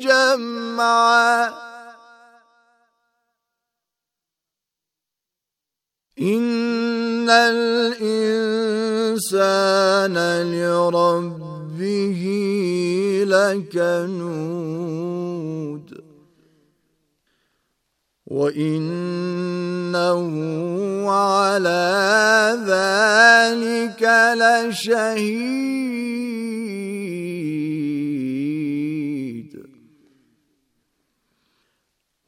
جمعا إن الإنسان لربه لكنود وانه على ذلك لشهيد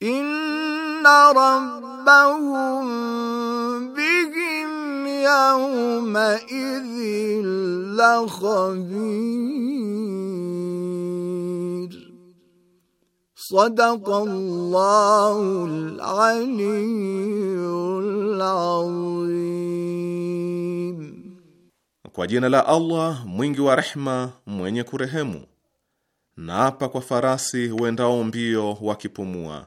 inna rabbahum bihim yawma idhin lakhabir صدق الله العلي العظيم Kwa jina la Allah mwingi wa rehma mwenye kurehemu. Naapa kwa farasi wendao mbio wakipumua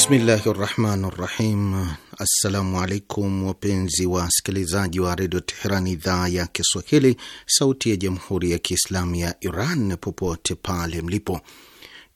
Bismillahi rahmani rahim. Assalamu alaikum wapenzi wasikilizaji wa, wa redio Teheran, idhaa ya Kiswahili, sauti ya jamhuri ya kiislamu ya Iran, popote pale mlipo.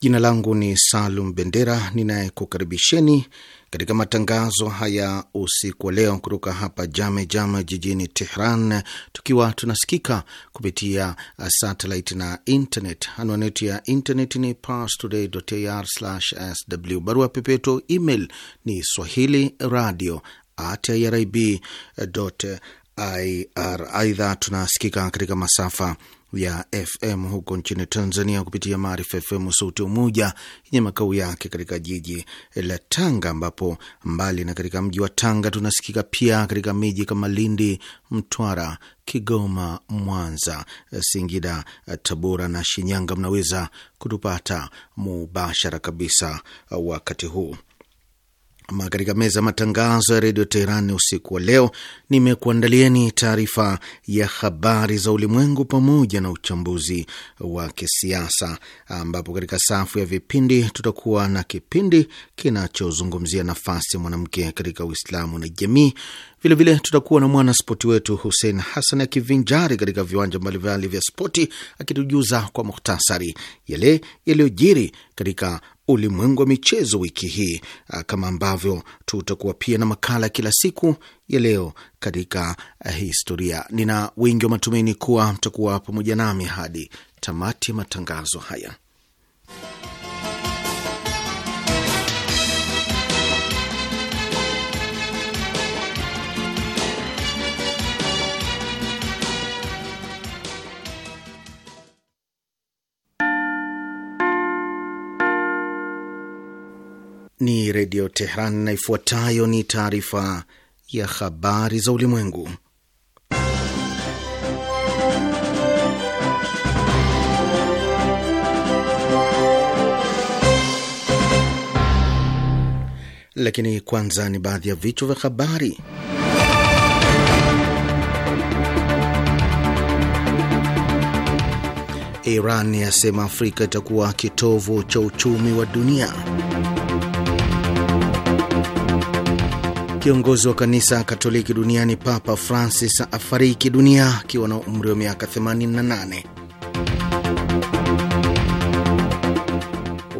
Jina langu ni Salum Bendera ninayekukaribisheni katika matangazo haya usiku wa leo kutoka hapa Jame Jame jijini Tehran, tukiwa tunasikika kupitia satellite na internet. Anwani yetu ya internet ni parstoday.ir/sw, barua pepeto email ni swahili radio at irib.ir. Aidha, tunasikika katika masafa ya FM huko nchini Tanzania kupitia Maarifa FM Sauti Umoja yenye makao yake katika jiji la Tanga, ambapo mbali na katika mji wa Tanga tunasikika pia katika miji kama Lindi, Mtwara, Kigoma, Mwanza, Singida, Tabora na Shinyanga. Mnaweza kutupata mubashara kabisa wakati huu ama katika meza ya matangazo ya redio Teherani usiku wa leo, nimekuandalieni taarifa ya habari za ulimwengu pamoja na uchambuzi wa kisiasa, ambapo katika safu ya vipindi tutakuwa na kipindi kinachozungumzia nafasi ya mwanamke katika Uislamu na jamii. Vilevile tutakuwa na mwanaspoti wetu Hussein Hassan akivinjari katika viwanja mbalimbali vya spoti, akitujuza kwa muhtasari yale yaliyojiri katika ulimwengu wa michezo wiki hii, ah, kama ambavyo tutakuwa pia na makala kila siku ya leo katika ah, historia. Nina wingi wa matumaini kuwa mtakuwa pamoja nami hadi tamati ya matangazo haya. ni Redio Tehran, na ifuatayo ni taarifa ya habari za ulimwengu. Lakini kwanza ni baadhi ya vichwa vya habari. Iran yasema Afrika itakuwa kitovu cha uchumi wa dunia. Kiongozi wa kanisa Katoliki duniani Papa Francis afariki dunia akiwa na umri wa miaka 88.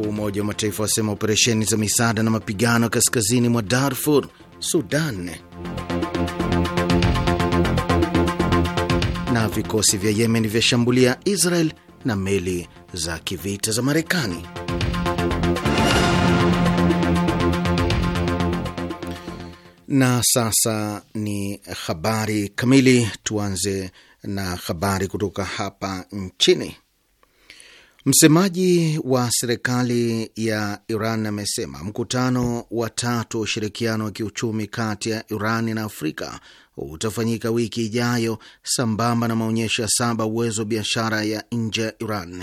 Umoja wa Mataifa wasema operesheni za misaada na mapigano kaskazini mwa Darfur, Sudan. Na vikosi vya Yemen vyashambulia Israel na meli za kivita za Marekani. Na sasa ni habari kamili. Tuanze na habari kutoka hapa nchini. Msemaji wa serikali ya Iran amesema mkutano wa tatu wa ushirikiano wa kiuchumi kati ya Iran na Afrika utafanyika wiki ijayo sambamba na maonyesho ya saba uwezo wa biashara ya nje ya Iran.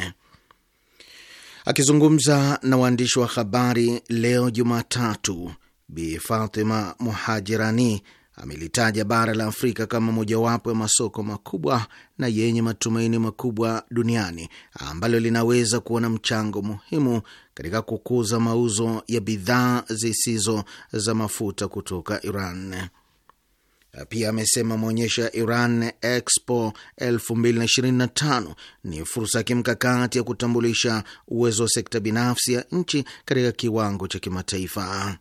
Akizungumza na waandishi wa habari leo Jumatatu, Bi Fatima Muhajirani amelitaja bara la Afrika kama mojawapo ya masoko makubwa na yenye matumaini makubwa duniani ambalo linaweza kuwa na mchango muhimu katika kukuza mauzo ya bidhaa zisizo za mafuta kutoka Iran. Pia amesema maonyesho ya Iran Expo 2025 ni fursa ya kimkakati ya kutambulisha uwezo wa sekta binafsi ya nchi katika kiwango cha kimataifa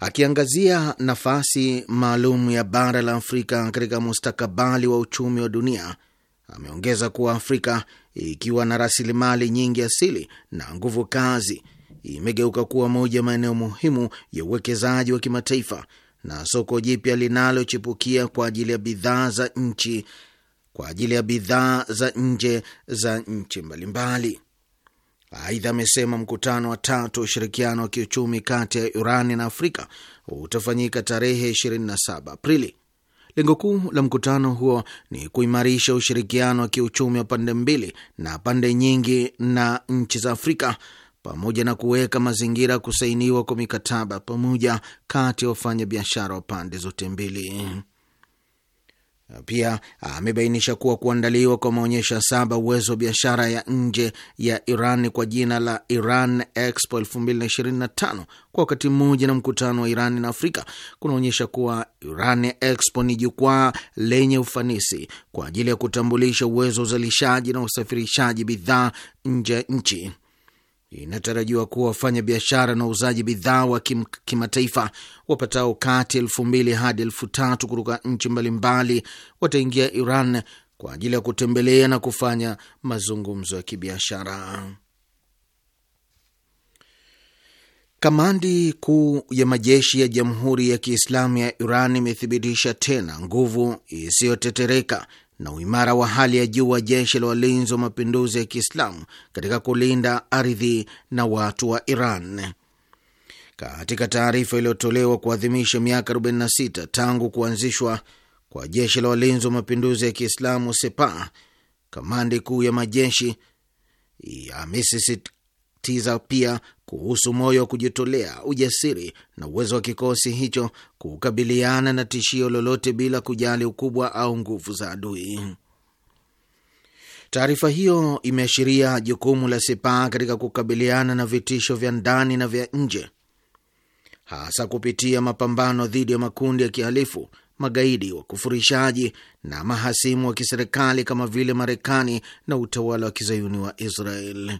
akiangazia nafasi maalum ya bara la Afrika katika mustakabali wa uchumi wa dunia. Ameongeza kuwa Afrika ikiwa na rasilimali nyingi asili na nguvu kazi imegeuka kuwa moja maeneo muhimu ya uwekezaji wa kimataifa na soko jipya linalochipukia kwa ajili ya bidhaa za nchi kwa ajili ya bidhaa za nje za nchi mbalimbali. Aidha, amesema mkutano wa tatu wa ushirikiano wa kiuchumi kati ya Irani na Afrika utafanyika tarehe 27 Aprili. Lengo kuu la mkutano huo ni kuimarisha ushirikiano wa kiuchumi wa pande mbili na pande nyingi na nchi za Afrika pamoja na kuweka mazingira kusainiwa kwa mikataba pamoja kati ya wafanyabiashara wa pande zote mbili. Pia ah, amebainisha kuwa kuandaliwa kwa maonyesho ya saba uwezo wa biashara ya nje ya Iran kwa jina la Iran Expo 2025 kwa wakati mmoja na mkutano wa Iran na Afrika kunaonyesha kuwa Iran Expo ni jukwaa lenye ufanisi kwa ajili ya kutambulisha uwezo wa uzalishaji na usafirishaji bidhaa nje ya nchi inatarajiwa kuwa wafanya biashara na uuzaji bidhaa wa kimataifa kimataifa wapatao kati elfu mbili hadi elfu tatu kutoka nchi mbalimbali wataingia Iran kwa ajili ya kutembelea na kufanya mazungumzo ya kibiashara. Kamandi kuu ya majeshi ya Jamhuri ya Kiislamu ya Iran imethibitisha tena nguvu isiyotetereka na uimara wa hali ya juu wa jeshi la walinzi wa mapinduzi ya Kiislamu katika kulinda ardhi na watu wa Iran. Katika taarifa iliyotolewa kuadhimisha miaka 46 tangu kuanzishwa kwa jeshi la walinzi wa mapinduzi ya Kiislamu Sepah, kamandi kuu ya majeshi Amesisitiza pia kuhusu moyo wa kujitolea, ujasiri na uwezo wa kikosi hicho kukabiliana na tishio lolote bila kujali ukubwa au nguvu za adui. Taarifa hiyo imeashiria jukumu la sipa katika kukabiliana na vitisho vya ndani na vya nje, hasa kupitia mapambano dhidi ya makundi ya kihalifu, magaidi, wakufurishaji na mahasimu wa kiserikali kama vile Marekani na utawala wa kizayuni wa Israel.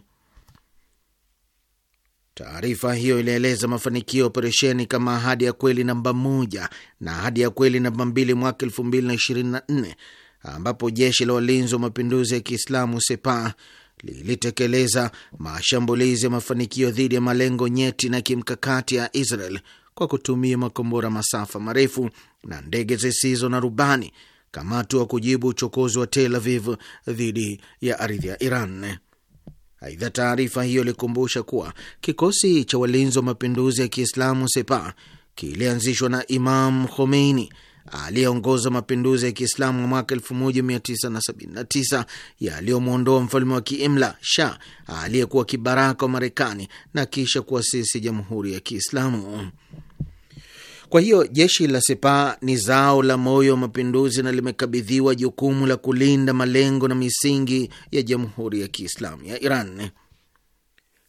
Taarifa hiyo ilieleza mafanikio ya operesheni kama Ahadi ya Kweli namba moja na Ahadi ya Kweli namba mbili mwaka elfu mbili na ishirini na nne ambapo jeshi la walinzi wa mapinduzi ya Kiislamu sepa lilitekeleza mashambulizi ya mafanikio dhidi ya malengo nyeti na kimkakati ya Israel kwa kutumia makombora masafa marefu na ndege zisizo na rubani kama hatua kujibu uchokozi wa Tel Aviv dhidi ya ardhi ya Iran. Aidha, taarifa hiyo ilikumbusha kuwa kikosi cha walinzi wa mapinduzi ya Kiislamu sepa kilianzishwa na Imam Khomeini aliyeongoza mapinduzi ya Kiislamu mwaka 1979 yaliyomwondoa mfalme wa kiimla Shah aliyekuwa kibaraka wa Marekani na kisha kuasisi jamhuri ya Kiislamu. Kwa hiyo jeshi la Sepa ni zao la moyo wa mapinduzi na limekabidhiwa jukumu la kulinda malengo na misingi ya Jamhuri ya Kiislamu ya Iran.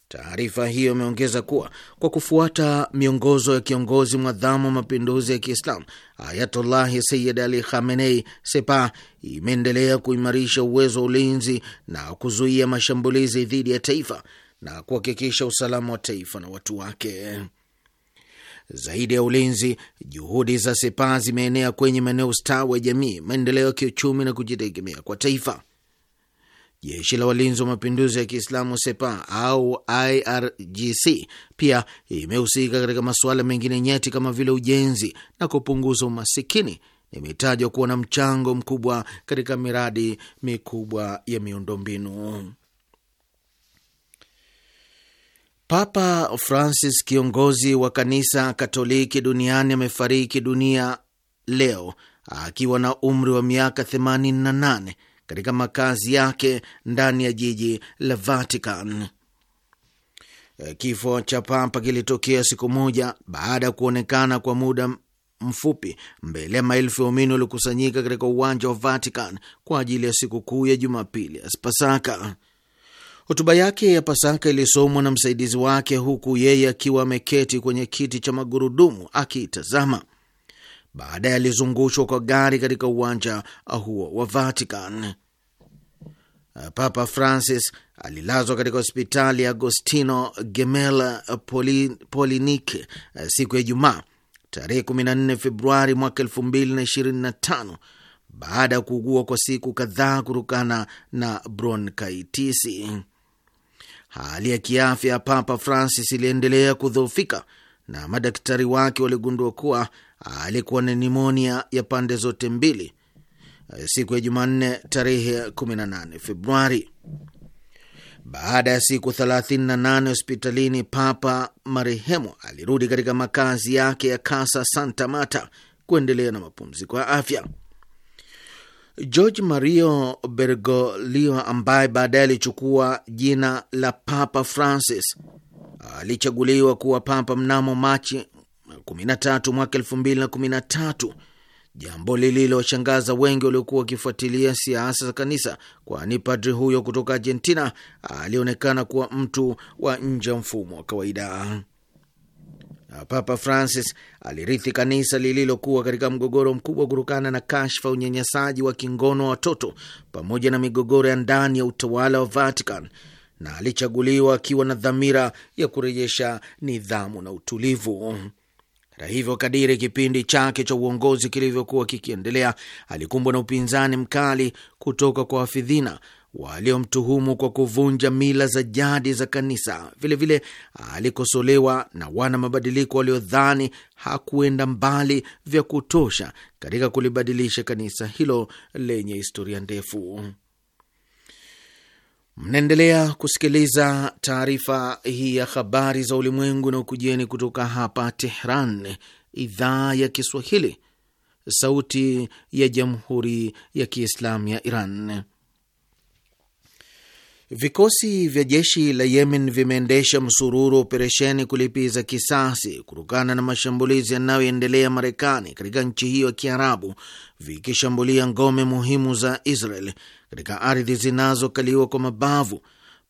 Taarifa hiyo imeongeza kuwa kwa kufuata miongozo ya kiongozi mwadhamu wa mapinduzi ya Kiislamu Ayatullahi Sayyid Ali Khamenei, Sepa imeendelea kuimarisha uwezo wa ulinzi na kuzuia mashambulizi dhidi ya taifa na kuhakikisha usalama wa taifa na watu wake. Zaidi ya ulinzi, juhudi za Sepa zimeenea kwenye maeneo ustawi wa jamii, maendeleo ya kiuchumi na kujitegemea kwa taifa. Jeshi la walinzi wa mapinduzi ya Kiislamu Sepa au IRGC pia imehusika katika masuala mengine nyeti kama vile ujenzi na kupunguza umasikini. Imetajwa kuwa na mchango mkubwa katika miradi mikubwa ya miundombinu. Papa Francis, kiongozi wa kanisa Katoliki duniani, amefariki dunia leo akiwa na umri wa miaka 88 katika makazi yake ndani ya jiji la Vatican. Kifo cha papa kilitokea siku moja baada ya kuonekana kwa muda mfupi mbele ya maelfu ya waumini waliokusanyika katika uwanja wa Vatican kwa ajili ya sikukuu ya Jumapili ya Pasaka. Hotuba yake ya Pasaka ilisomwa na msaidizi wake huku yeye akiwa ameketi kwenye kiti cha magurudumu akiitazama. Baadaye alizungushwa kwa gari katika uwanja huo wa Vatican. Papa Francis alilazwa katika hospitali ya Agostino gemel Poli, Polinike siku ya Ijumaa tarehe 14 Februari mwaka 2025 baada ya kuugua kwa siku kadhaa kutokana na bronkaitisi. Hali ya kiafya ya Papa Francis iliendelea kudhoofika na madaktari wake waligundua kuwa alikuwa na nimonia ya pande zote mbili eh, siku ya Jumanne tarehe 18 Februari. Baada ya siku 38 hospitalini, Papa marehemu alirudi katika makazi yake ya Casa Santa Marta kuendelea na mapumziko ya afya. George Mario Bergoglio ambaye baadaye alichukua jina la Papa Francis alichaguliwa kuwa papa mnamo Machi 13 mwaka 2013, jambo lililoshangaza wengi waliokuwa wakifuatilia siasa za kanisa, kwani padri huyo kutoka Argentina alionekana kuwa mtu wa nje ya mfumo wa kawaida na Papa Francis alirithi kanisa lililokuwa katika mgogoro mkubwa kutokana na kashfa ya unyanyasaji wa kingono wa watoto pamoja na migogoro ya ndani ya utawala wa Vatican na alichaguliwa akiwa na dhamira ya kurejesha nidhamu na utulivu. Hata hivyo, kadiri kipindi chake cha uongozi kilivyokuwa kikiendelea, alikumbwa na upinzani mkali kutoka kwa wafidhina waliomtuhumu kwa kuvunja mila za jadi za kanisa. Vilevile vile, alikosolewa na wana mabadiliko waliodhani hakuenda mbali vya kutosha katika kulibadilisha kanisa hilo lenye historia ndefu. Mnaendelea kusikiliza taarifa hii ya habari za ulimwengu na ukujieni kutoka hapa Tehran, idhaa ya Kiswahili, sauti ya jamhuri ya kiislamu ya Iran. Vikosi vya jeshi la Yemen vimeendesha msururu wa operesheni kulipiza kisasi kutokana na mashambulizi yanayoendelea Marekani katika nchi hiyo ya Kiarabu, vikishambulia ngome muhimu za Israel katika ardhi zinazokaliwa kwa mabavu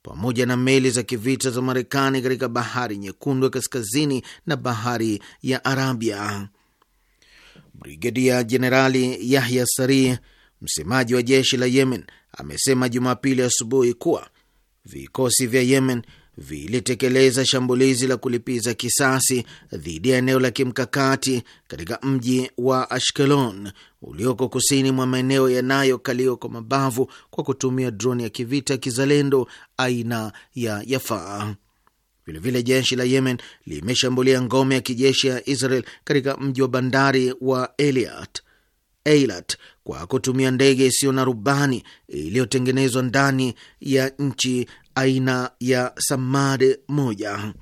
pamoja na meli za kivita za Marekani katika Bahari Nyekundu ya Kaskazini na Bahari ya Arabia. Brigedia Jenerali Yahya Sari, Msemaji wa jeshi la Yemen amesema Jumapili asubuhi kuwa vikosi vya Yemen vilitekeleza shambulizi la kulipiza kisasi dhidi ya eneo la kimkakati katika mji wa Ashkelon ulioko kusini mwa maeneo yanayokaliwa kwa mabavu kwa kutumia droni ya kivita kizalendo aina ya Yafaa. Vilevile jeshi la Yemen limeshambulia ngome ya kijeshi ya Israel katika mji wa bandari wa Eliat. Eilat kwa kutumia ndege isiyo na rubani iliyotengenezwa ndani ya nchi aina ya Samad moja.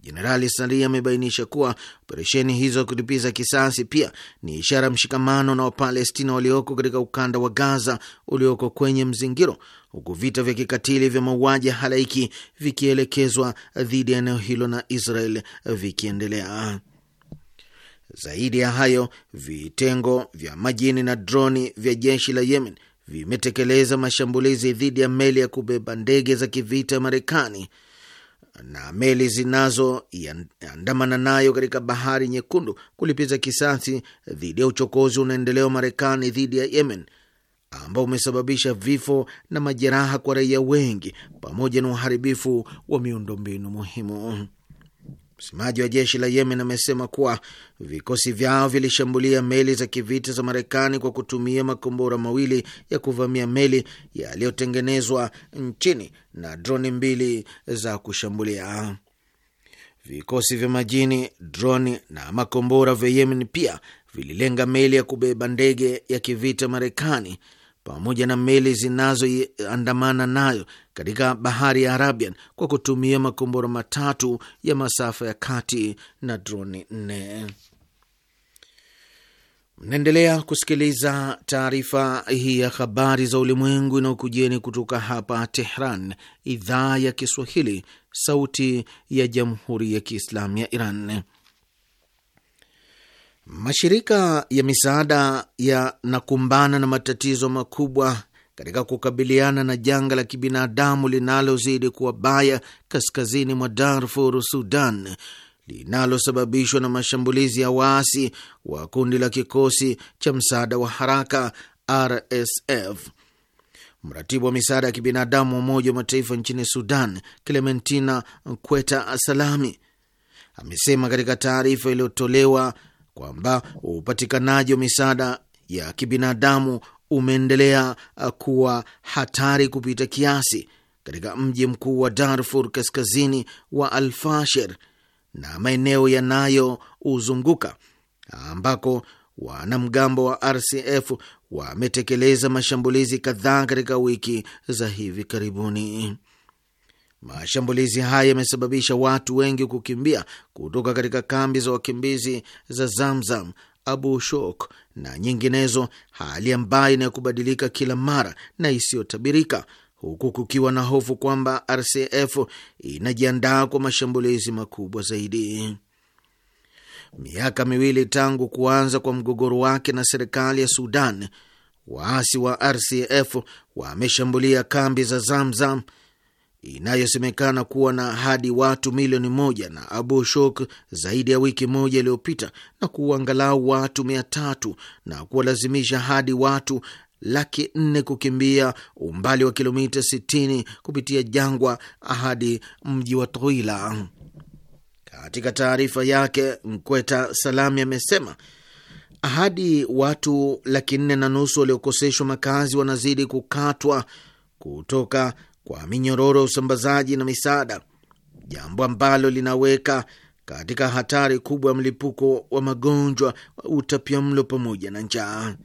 Jenerali Sali amebainisha kuwa operesheni hizo kulipiza kisasi pia ni ishara ya mshikamano na Wapalestina walioko katika ukanda wa Gaza ulioko kwenye mzingiro, huku vita vya kikatili vya mauaji halaiki vikielekezwa dhidi ya eneo hilo na Israel vikiendelea. Zaidi ya hayo, vitengo vya majini na droni vya jeshi la Yemen vimetekeleza mashambulizi dhidi ya meli ya kubeba ndege za kivita Marekani na meli zinazoandamana nayo katika bahari Nyekundu kulipiza kisasi dhidi ya uchokozi unaendelea wa Marekani dhidi ya Yemen ambao umesababisha vifo na majeraha kwa raia wengi pamoja na uharibifu wa miundombinu muhimu. Msemaji wa jeshi la Yemen amesema kuwa vikosi vyao vilishambulia meli za kivita za Marekani kwa kutumia makombora mawili ya kuvamia meli yaliyotengenezwa nchini na droni mbili za kushambulia. Vikosi vya majini, droni na makombora vya Yemen pia vililenga meli ya kubeba ndege ya kivita Marekani pamoja na meli zinazoandamana nayo katika bahari ya Arabian kwa kutumia makombora matatu ya masafa ya kati na droni nne. Mnaendelea kusikiliza taarifa hii ya habari za ulimwengu inayokujieni kutoka hapa Tehran, idhaa ya Kiswahili, sauti ya jamhuri ya kiislamu ya Iran. Mashirika ya misaada yanakumbana na matatizo makubwa katika kukabiliana na janga la kibinadamu linalozidi kuwa baya kaskazini mwa Darfur, Sudan, linalosababishwa na mashambulizi ya waasi wa kundi la kikosi cha msaada wa haraka RSF. Mratibu wa misaada ya kibinadamu wa Umoja wa Mataifa nchini Sudan, Clementina Nkweta Salami, amesema katika taarifa iliyotolewa kwamba upatikanaji wa misaada ya kibinadamu umeendelea kuwa hatari kupita kiasi katika mji mkuu wa Darfur kaskazini wa Alfashir na maeneo yanayouzunguka ambako wanamgambo wa RCF wametekeleza mashambulizi kadhaa katika wiki za hivi karibuni. Mashambulizi haya yamesababisha watu wengi kukimbia kutoka katika kambi za wakimbizi za Zamzam, Abu Shok na nyinginezo, hali ambayo inayokubadilika kila mara na isiyotabirika, huku kukiwa na hofu kwamba RCF inajiandaa kwa mashambulizi makubwa zaidi. Miaka miwili tangu kuanza kwa mgogoro wake na serikali ya Sudan, waasi wa RCF wameshambulia kambi za Zamzam, inayosemekana kuwa na hadi watu milioni moja na Abu Shok zaidi ya wiki moja iliyopita na kuua angalau watu mia tatu na kuwalazimisha hadi watu laki nne kukimbia umbali wa kilomita 60 kupitia jangwa hadi mji wa Tuila. Katika taarifa yake, Mkweta Salami amesema hadi watu laki nne na nusu waliokoseshwa makazi wanazidi kukatwa kutoka kwa minyororo ya usambazaji na misaada, jambo ambalo linaweka katika hatari kubwa ya mlipuko wa magonjwa, utapia mlo pamoja na njaa.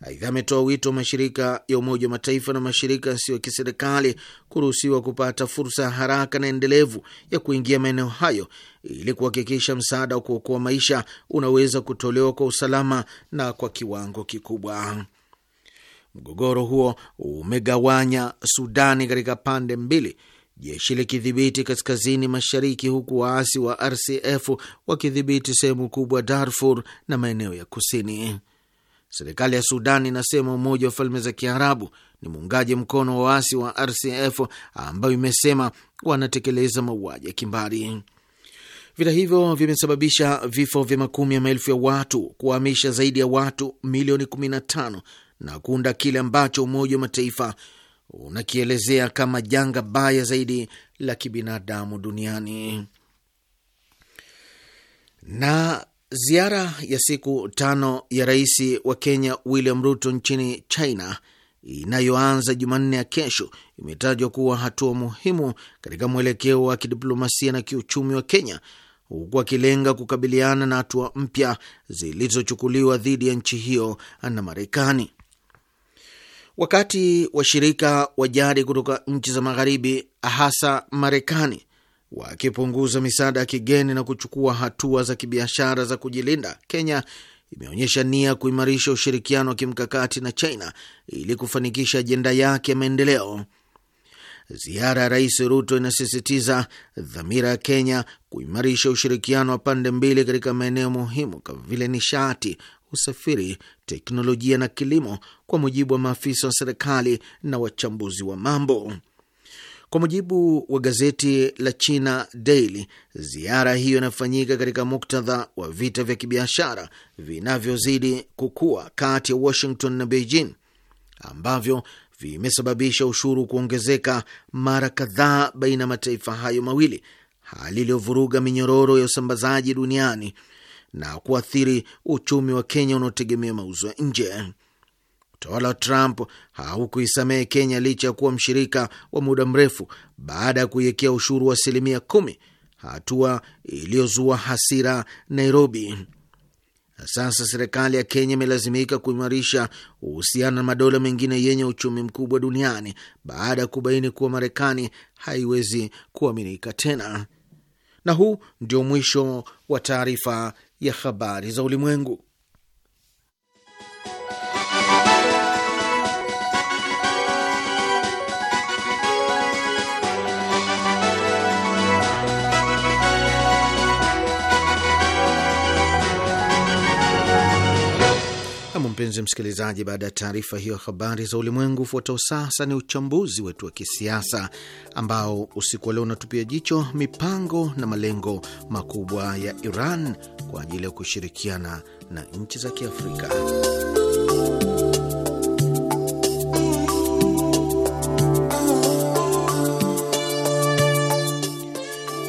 Aidha, ametoa wito wa mashirika ya Umoja wa Mataifa na mashirika yasiyo ya kiserikali kuruhusiwa kupata fursa ya haraka na endelevu ya kuingia maeneo hayo ili kuhakikisha msaada wa kuokoa maisha unaweza kutolewa kwa usalama na kwa kiwango kikubwa. Mgogoro huo umegawanya Sudani katika pande mbili, jeshi likidhibiti kaskazini mashariki, huku waasi wa RCF wakidhibiti sehemu kubwa Darfur na maeneo ya kusini. Serikali ya Sudan inasema Umoja wa Falme za Kiarabu ni muungaji mkono wa waasi wa RCF ambayo imesema wanatekeleza mauaji ya kimbari. Vita hivyo vimesababisha vifo vya makumi ya maelfu ya watu, kuhamisha zaidi ya watu milioni 15 na kuunda kile ambacho Umoja wa Mataifa unakielezea kama janga baya zaidi la kibinadamu duniani. Na ziara ya siku tano ya rais wa Kenya William Ruto nchini China inayoanza Jumanne ya kesho imetajwa kuwa hatua muhimu katika mwelekeo wa kidiplomasia na kiuchumi wa Kenya, huku akilenga kukabiliana na hatua mpya zilizochukuliwa dhidi ya nchi hiyo na Marekani wakati washirika wa jadi kutoka nchi za Magharibi, hasa Marekani, wakipunguza misaada ya kigeni na kuchukua hatua za kibiashara za kujilinda, Kenya imeonyesha nia kuimarisha ushirikiano wa kimkakati na China ili kufanikisha ajenda yake ya maendeleo. Ziara ya Rais Ruto inasisitiza dhamira ya Kenya kuimarisha ushirikiano wa pande mbili katika maeneo muhimu kama vile nishati, usafiri, teknolojia na kilimo, kwa mujibu wa maafisa wa serikali na wachambuzi wa mambo. Kwa mujibu wa gazeti la China Daily, ziara hiyo inafanyika katika muktadha wa vita vya kibiashara vinavyozidi kukua kati ya Washington na Beijing ambavyo vimesababisha ushuru kuongezeka mara kadhaa baina ya mataifa hayo mawili, hali iliyovuruga minyororo ya usambazaji duniani na kuathiri uchumi wa Kenya unaotegemea mauzo ya nje. Utawala wa Trump haukuisamehe Kenya licha ya kuwa mshirika wa muda mrefu baada ya kuiwekea ushuru wa asilimia kumi, hatua iliyozua hasira Nairobi. Sasa serikali ya Kenya imelazimika kuimarisha uhusiano na madola mengine yenye uchumi mkubwa duniani baada ya kubaini kuwa Marekani haiwezi kuaminika tena. Na huu ndio mwisho wa taarifa ya habari za ulimwengu. Nam, mpenzi msikilizaji, baada ya taarifa hiyo habari za ulimwengu, ufuatao sasa ni uchambuzi wetu wa kisiasa ambao usiku wa leo unatupia jicho mipango na malengo makubwa ya Iran kwa ajili ya kushirikiana na nchi za Kiafrika.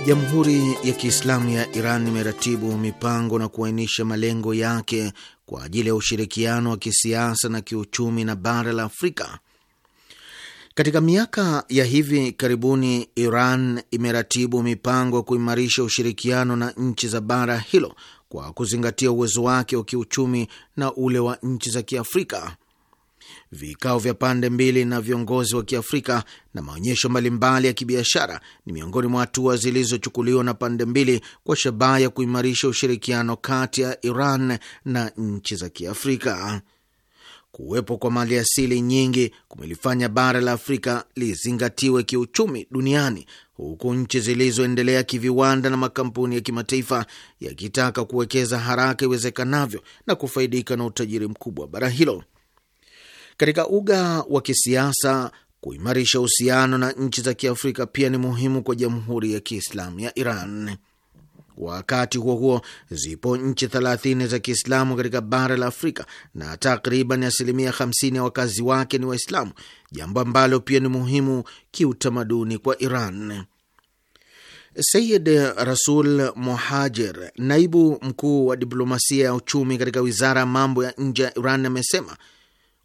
Jamhuri ya Kiislamu ya Iran imeratibu mipango na kuainisha malengo yake kwa ajili ya ushirikiano wa kisiasa na kiuchumi na bara la Afrika. Katika miaka ya hivi karibuni, Iran imeratibu mipango ya kuimarisha ushirikiano na nchi za bara hilo kwa kuzingatia uwezo wake wa kiuchumi na ule wa nchi za Kiafrika vikao vya pande mbili na viongozi wa Kiafrika na maonyesho mbalimbali ya kibiashara ni miongoni mwa hatua zilizochukuliwa na pande mbili kwa shabaha ya kuimarisha ushirikiano kati ya Iran na nchi za Kiafrika. Kuwepo kwa maliasili nyingi kumelifanya bara la Afrika lizingatiwe kiuchumi duniani huku nchi zilizoendelea kiviwanda na makampuni ya kimataifa yakitaka kuwekeza haraka iwezekanavyo na kufaidika na utajiri mkubwa wa bara hilo katika uga wa kisiasa. Kuimarisha uhusiano na nchi za Kiafrika pia ni muhimu kwa Jamhuri ya Kiislamu ya Iran. Wakati huo huo, zipo nchi thelathini za Kiislamu katika bara la Afrika na takriban asilimia 50 ya wakazi wake ni Waislamu, jambo ambalo pia ni muhimu kiutamaduni kwa Iran. Sayid Rasul Mohajer, naibu mkuu wa diplomasia ya uchumi katika wizara ya mambo ya nje ya Iran, amesema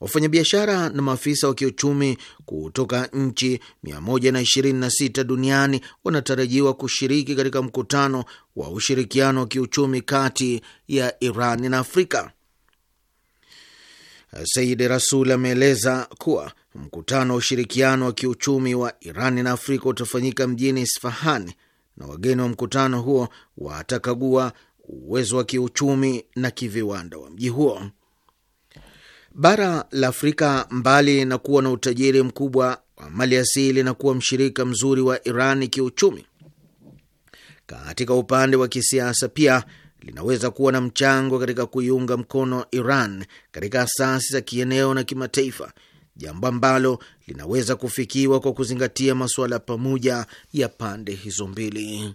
Wafanyabiashara na maafisa wa kiuchumi kutoka nchi 126 duniani wanatarajiwa kushiriki katika mkutano wa ushirikiano wa kiuchumi kati ya Iran na Afrika. Said Rasul ameeleza kuwa mkutano wa ushirikiano wa kiuchumi wa Iran na Afrika utafanyika mjini Isfahani na wageni wa mkutano huo watakagua uwezo wa kiuchumi na kiviwanda wa mji huo. Bara la Afrika, mbali na kuwa na utajiri mkubwa wa mali asili na kuwa mshirika mzuri wa Iran kiuchumi, katika upande wa kisiasa pia linaweza kuwa na mchango katika kuiunga mkono Iran katika asasi za kieneo na kimataifa, jambo ambalo linaweza kufikiwa kwa kuzingatia masuala pamoja ya pande hizo mbili.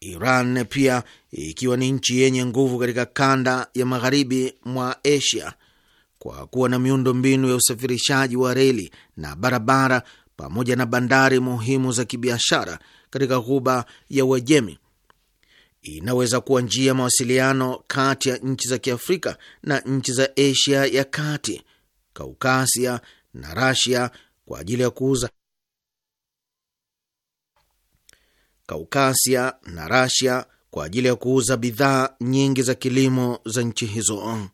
Iran pia ikiwa ni nchi yenye nguvu katika kanda ya magharibi mwa Asia kwa kuwa na miundo mbinu ya usafirishaji wa reli na barabara pamoja na bandari muhimu za kibiashara katika ghuba ya Uajemi inaweza kuwa njia ya mawasiliano kati ya nchi za Kiafrika na nchi za Asia ya Kati, Kaukasia na Rasia kwa ajili ya kuuza Kaukasia na Rasia kwa ajili ya kuuza bidhaa nyingi za kilimo za nchi hizo.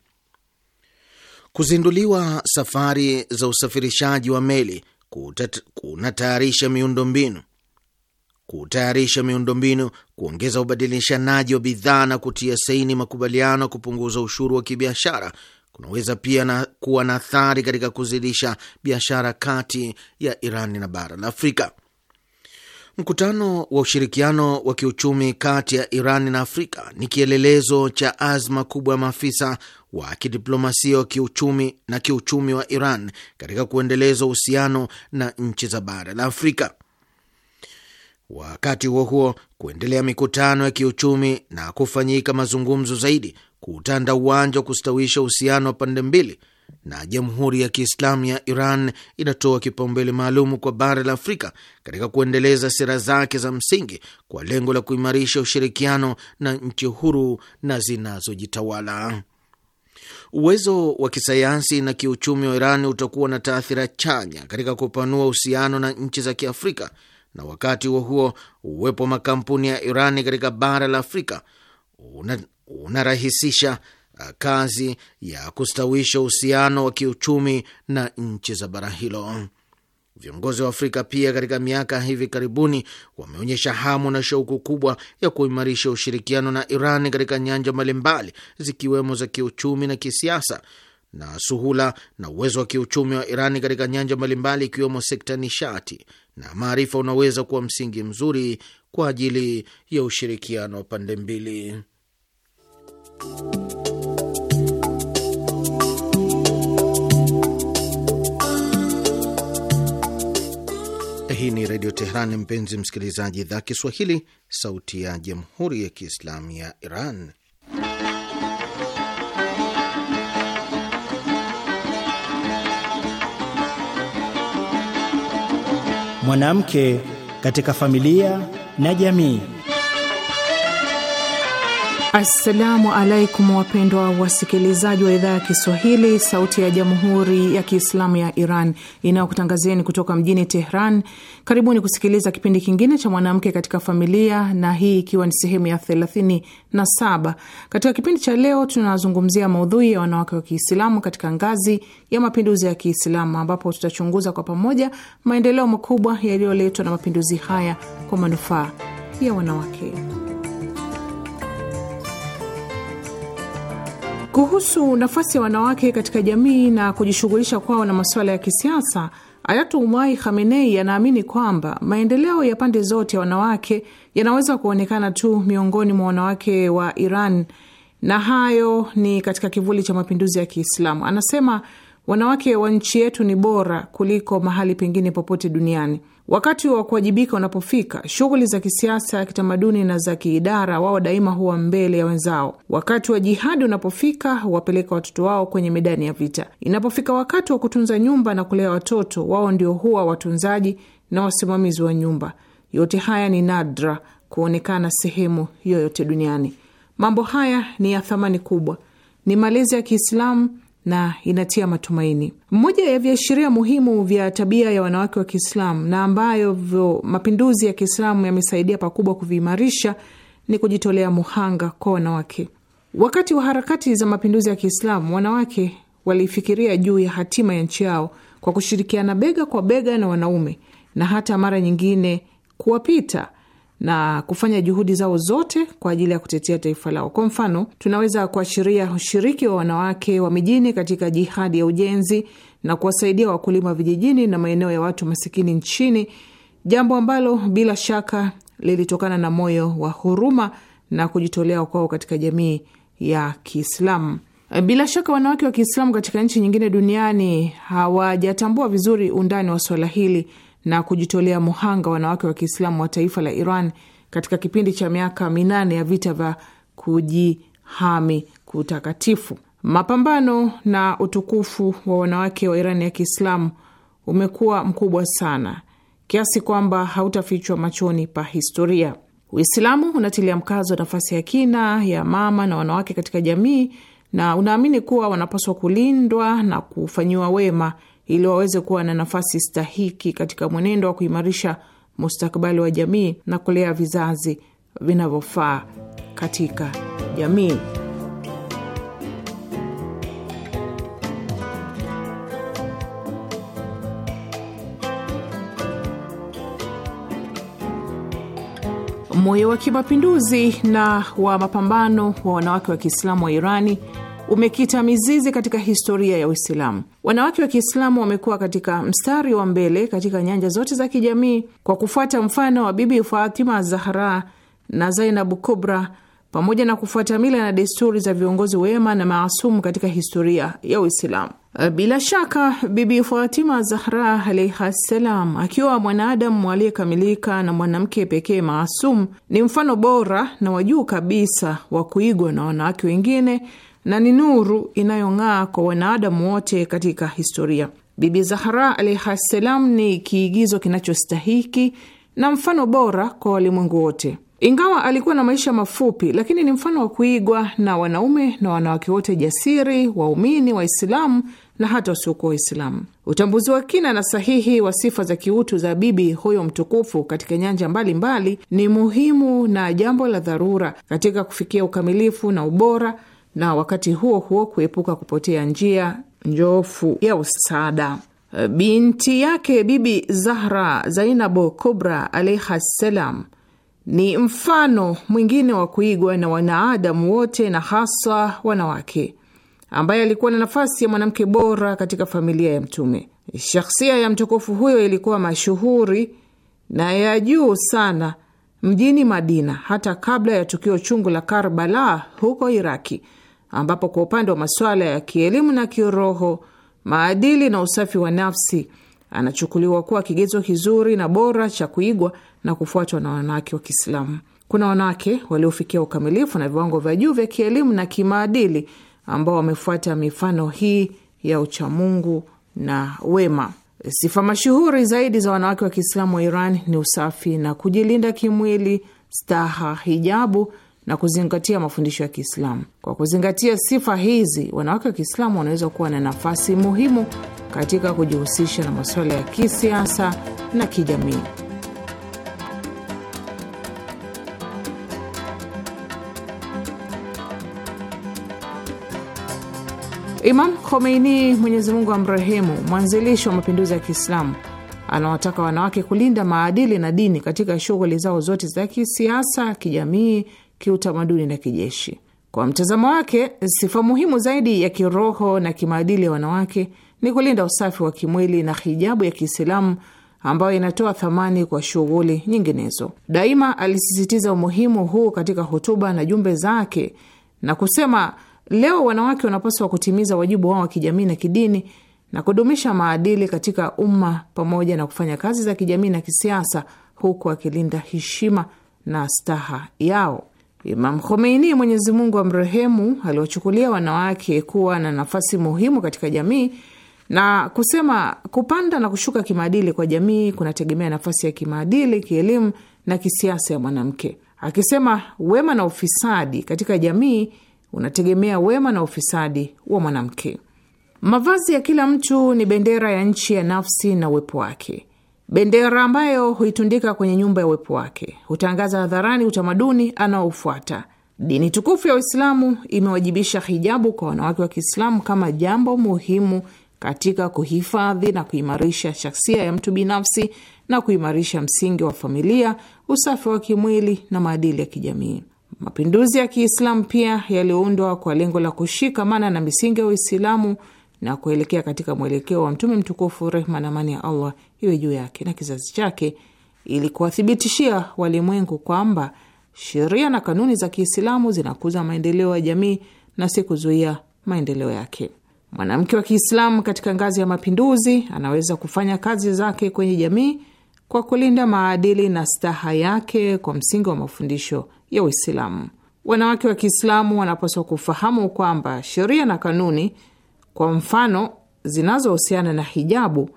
Kuzinduliwa safari za usafirishaji wa meli kunatayarisha miundombinu kutayarisha miundombinu, kuongeza ubadilishanaji wa bidhaa na kutia saini makubaliano ya kupunguza ushuru wa kibiashara kunaweza pia na kuwa na athari katika kuzidisha biashara kati ya Iran na bara la Afrika. Mkutano wa ushirikiano wa kiuchumi kati ya Iran na Afrika ni kielelezo cha azma kubwa ya maafisa wa kidiplomasia wa kiuchumi na kiuchumi wa Iran katika kuendeleza uhusiano na nchi za bara la Afrika. Wakati huo huo, kuendelea mikutano ya kiuchumi na kufanyika mazungumzo zaidi kutanda uwanja wa kustawisha uhusiano wa pande mbili na Jamhuri ya Kiislamu ya Iran inatoa kipaumbele maalum kwa bara la Afrika katika kuendeleza sera zake za msingi kwa lengo la kuimarisha ushirikiano na nchi huru na zinazojitawala. Uwezo wa kisayansi na kiuchumi wa Iran utakuwa na taathira chanya katika kupanua uhusiano na nchi za Kiafrika, na wakati huo huo uwepo wa makampuni ya iran katika bara la Afrika unarahisisha una kazi ya kustawisha uhusiano wa kiuchumi na nchi za bara hilo. Viongozi wa Afrika pia katika miaka hivi karibuni wameonyesha hamu na shauku kubwa ya kuimarisha ushirikiano na Iran katika nyanja mbalimbali zikiwemo za kiuchumi na kisiasa. Na suhula na uwezo wa kiuchumi wa Iran katika nyanja mbalimbali ikiwemo sekta nishati na maarifa unaweza kuwa msingi mzuri kwa ajili ya ushirikiano wa pande mbili. Hii ni Redio Teheran, mpenzi msikilizaji, idhaa Kiswahili, sauti ya jamhuri ya kiislamu ya Iran. Mwanamke katika familia na jamii. Assalamu alaikum wapendwa wasikilizaji wa idhaa ya Kiswahili, sauti ya jamhuri ya kiislamu ya Iran inayokutangazieni kutoka mjini Tehran. Karibuni kusikiliza kipindi kingine cha mwanamke katika familia, na hii ikiwa ni sehemu ya thelathini na saba. Katika kipindi cha leo tunazungumzia maudhui ya wanawake wa Kiislamu katika ngazi ya mapinduzi ya Kiislamu, ambapo tutachunguza kwa pamoja maendeleo makubwa yaliyoletwa na mapinduzi haya kwa manufaa ya wanawake. Kuhusu nafasi ya wanawake katika jamii na kujishughulisha kwao na masuala ya kisiasa, Ayatullah Khamenei anaamini kwamba maendeleo ya pande zote ya wanawake yanaweza kuonekana tu miongoni mwa wanawake wa Iran, na hayo ni katika kivuli cha mapinduzi ya Kiislamu. Anasema wanawake wa nchi yetu ni bora kuliko mahali pengine popote duniani. Wakati wa kuwajibika unapofika, shughuli za kisiasa, kitamaduni na za kiidara, wao daima huwa mbele ya wenzao. Wakati wa jihadi unapofika, huwapeleka watoto wao kwenye medani ya vita. Inapofika wakati wa kutunza nyumba na kulea watoto, wao ndio huwa watunzaji na wasimamizi wa nyumba. Yote haya ni nadra kuonekana sehemu yoyote duniani. Mambo haya ni ya thamani kubwa, ni malezi ya Kiislamu na inatia matumaini. Mmoja ya viashiria muhimu vya tabia ya wanawake wa Kiislamu na ambayo mapinduzi ya Kiislamu yamesaidia pakubwa kuviimarisha ni kujitolea muhanga kwa wanawake. Wakati wa harakati za mapinduzi ya Kiislamu, wanawake walifikiria juu ya hatima ya nchi yao kwa kushirikiana bega kwa bega na wanaume na hata mara nyingine kuwapita na kufanya juhudi zao zote kwa ajili ya kutetea taifa lao. Kwa mfano, tunaweza kuashiria ushiriki wa wanawake wa mijini katika jihadi ya ujenzi na kuwasaidia wakulima vijijini na maeneo ya watu masikini nchini, jambo ambalo bila shaka lilitokana na moyo wa huruma na kujitolea kwao katika jamii ya Kiislamu. Bila shaka wanawake wa Kiislamu katika nchi nyingine duniani hawajatambua vizuri undani wa swala hili na kujitolea muhanga wanawake wa Kiislamu wa taifa la Iran katika kipindi cha miaka minane ya vita vya kujihami kutakatifu. Mapambano na utukufu wa wanawake wa Iran ya Kiislamu umekuwa mkubwa sana kiasi kwamba hautafichwa machoni pa historia. Uislamu unatilia mkazo nafasi ya kina ya mama na wanawake katika jamii na unaamini kuwa wanapaswa kulindwa na kufanyiwa wema ili waweze kuwa na nafasi stahiki katika mwenendo wa kuimarisha mustakabali wa jamii na kulea vizazi vinavyofaa katika jamii. Moyo wa kimapinduzi na wa mapambano wa wanawake wa Kiislamu wa Irani umekita mizizi katika historia ya Uislamu. Wanawake wa Kiislamu wamekuwa katika mstari wa mbele katika nyanja zote za kijamii kwa kufuata mfano wa Bibi Fatima Zahra na Zainabu Kubra, pamoja na kufuata mila na desturi za viongozi wema na maasumu katika historia ya Uislamu. Bila shaka Bibi Fatima Zahra alaihi salam, akiwa mwanadamu aliyekamilika na mwanamke pekee maasum, ni mfano bora na wa juu kabisa wa kuigwa na wanawake wengine na ni nuru inayong'aa kwa wanadamu wote katika historia. Bibi Zahra alaihi salam ni kiigizo kinachostahiki na mfano bora kwa walimwengu wote. Ingawa alikuwa na maisha mafupi, lakini ni mfano wa kuigwa na wanaume na wanawake wote jasiri, waumini, Waislamu na hata wasiokuwa Waislamu. Utambuzi wa kina na sahihi wa sifa za kiutu za bibi huyo mtukufu katika nyanja mbalimbali mbali, ni muhimu na jambo la dharura katika kufikia ukamilifu na ubora na wakati huo huo kuepuka kupotea njia njofu ya usada. Eh, binti yake Bibi Zahra Zainabu Kubra alaiha ssalam ni mfano mwingine wa kuigwa na wanaadamu wote na haswa wanawake, ambaye alikuwa na nafasi ya mwanamke bora katika familia ya Mtume. Shakhsia ya mtukufu huyo ilikuwa mashuhuri na ya juu sana mjini Madina hata kabla ya tukio chungu la Karbala huko Iraki ambapo kwa upande wa masuala ya kielimu na kiroho, maadili na usafi wa nafsi, anachukuliwa kuwa kigezo kizuri na bora cha kuigwa na kufuatwa na wanawake wa Kiislamu. Kuna wanawake waliofikia ukamilifu na viwango vya juu vya kielimu na kimaadili ambao wamefuata mifano hii ya uchamungu na wema. Sifa mashuhuri zaidi za wanawake wa Kiislamu wa Iran ni usafi na kujilinda kimwili, staha, hijabu na kuzingatia mafundisho ya Kiislamu. Kwa kuzingatia sifa hizi, wanawake wa Kiislamu wanaweza kuwa na nafasi muhimu katika kujihusisha na masuala ya kisiasa na kijamii. Imam Khomeini, Mwenyezi Mungu amrehemu, mwanzilishi wa mapinduzi ya Kiislamu, anawataka wanawake kulinda maadili na dini katika shughuli zao zote za kisiasa, kijamii, kiutamaduni na kijeshi. Kwa mtazamo wake, sifa muhimu zaidi ya kiroho na kimaadili ya wanawake ni kulinda usafi wa kimwili na hijabu ya Kiislamu ambayo inatoa thamani kwa shughuli nyinginezo. Daima alisisitiza umuhimu huu katika hotuba na jumbe zake na kusema, leo wanawake wanapaswa kutimiza wajibu wao wa kijamii na kidini na kudumisha maadili katika umma pamoja na kufanya kazi za kijamii na kisiasa, huku akilinda heshima na staha yao. Imam Khomeini, Mwenyezi Mungu amrehemu, aliwachukulia wanawake kuwa na nafasi muhimu katika jamii na kusema kupanda na kushuka kimaadili kwa jamii kunategemea nafasi ya kimaadili, kielimu na kisiasa ya mwanamke, akisema wema na ufisadi katika jamii unategemea wema na ufisadi wa mwanamke. Mavazi ya kila mtu ni bendera ya nchi ya nafsi na uwepo wake bendera ambayo huitundika kwenye nyumba ya uwepo wake, hutangaza hadharani utamaduni anaofuata. Dini tukufu ya Uislamu imewajibisha hijabu kwa wanawake wa Kiislamu kama jambo muhimu katika kuhifadhi na kuimarisha shaksia ya mtu binafsi na kuimarisha msingi wa familia, usafi wa kimwili na maadili ya kijamii. Mapinduzi ya Kiislamu pia yaliundwa kwa lengo la kushikamana na misingi ya Uislamu na kuelekea katika mwelekeo wa Mtume mtukufu, rehma na amani ya Allah iwe juu yake na kizazi chake, ili kuwathibitishia walimwengu kwamba sheria na kanuni za Kiislamu zinakuza maendeleo ya jamii na si kuzuia maendeleo yake. Mwanamke wa Kiislamu katika ngazi ya mapinduzi anaweza kufanya kazi zake kwenye jamii kwa kulinda maadili na staha yake kwa msingi wa mafundisho ya Uislamu. Wanawake wa Kiislamu wanapaswa kufahamu kwamba sheria na kanuni kwa mfano, zinazohusiana na hijabu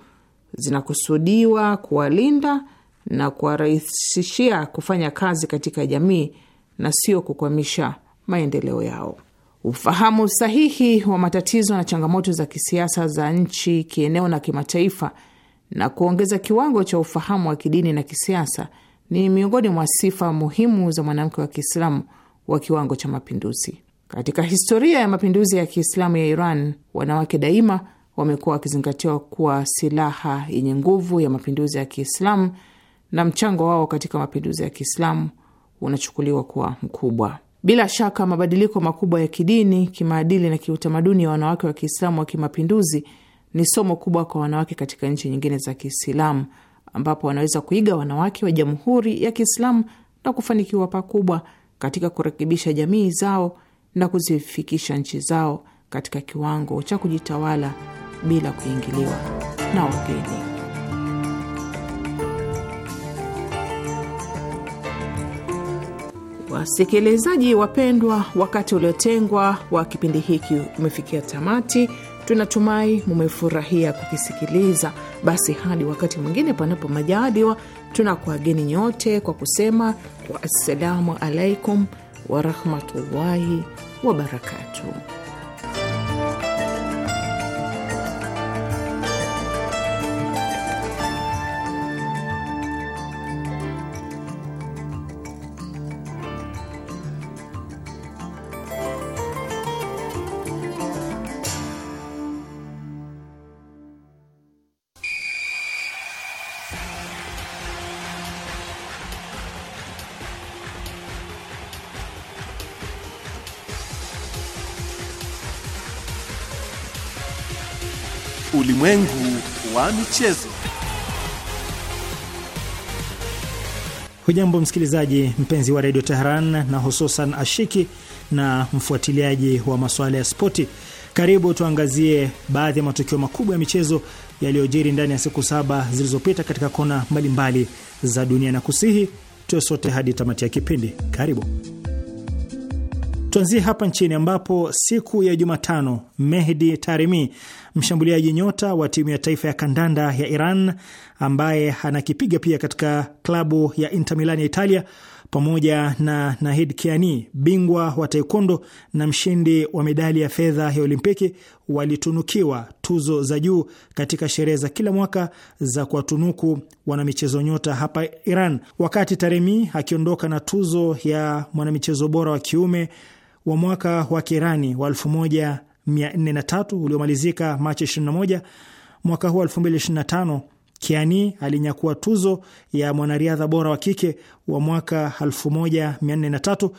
zinakusudiwa kuwalinda na kuwarahisishia kufanya kazi katika jamii na sio kukwamisha maendeleo yao. Ufahamu sahihi wa matatizo na changamoto za kisiasa za nchi, kieneo na kimataifa na kuongeza kiwango cha ufahamu wa kidini na kisiasa ni miongoni mwa sifa muhimu za mwanamke wa Kiislamu wa kiwango cha mapinduzi. Katika historia ya mapinduzi ya Kiislamu ya Iran, wanawake daima wamekuwa wakizingatiwa kuwa silaha yenye nguvu ya mapinduzi ya Kiislamu na mchango wao katika mapinduzi ya Kiislamu unachukuliwa kuwa mkubwa. Bila shaka mabadiliko makubwa ya kidini, kimaadili na kiutamaduni ya wanawake wa Kiislamu wa kimapinduzi ni somo kubwa kwa wanawake katika nchi nyingine za Kiislamu, ambapo wanaweza kuiga wanawake wa Jamhuri ya Kiislamu na kufanikiwa pakubwa katika kurekebisha jamii zao na kuzifikisha nchi zao katika kiwango cha kujitawala bila kuingiliwa na wageni. Wasikilizaji wapendwa, wakati uliotengwa wa kipindi hiki umefikia tamati. Tunatumai mumefurahia kukisikiliza. Basi hadi wakati mwingine, panapo majaliwa, tunakuageni nyote kwa kusema waassalamu alaikum warahmatullahi wabarakatuh. Ulimwengu wa michezo. Hujambo msikilizaji mpenzi wa redio Teheran na hususan ashiki na mfuatiliaji wa masuala ya spoti. Karibu tuangazie baadhi ya matukio makubwa ya michezo yaliyojiri ndani ya siku saba zilizopita katika kona mbalimbali za dunia, na kusihi tuwe sote hadi tamati ya kipindi. Karibu. Tuanzie hapa nchini ambapo siku ya Jumatano, Mehdi Taremi, mshambuliaji nyota wa timu ya taifa ya kandanda ya Iran ambaye anakipiga pia katika klabu ya Inter Milan ya Italia, pamoja na Nahid Kiani, bingwa wa taekwondo na mshindi wa medali ya fedha ya Olimpiki, walitunukiwa tuzo za juu katika sherehe za kila mwaka za kuwatunuku wanamichezo nyota hapa Iran, wakati Taremi akiondoka na tuzo ya mwanamichezo bora wa kiume wa mwaka wa Kirani wa 1403 uliomalizika Machi 21 mwaka huu 2025, Kiani alinyakua tuzo ya mwanariadha bora wa kike wa mwaka 1403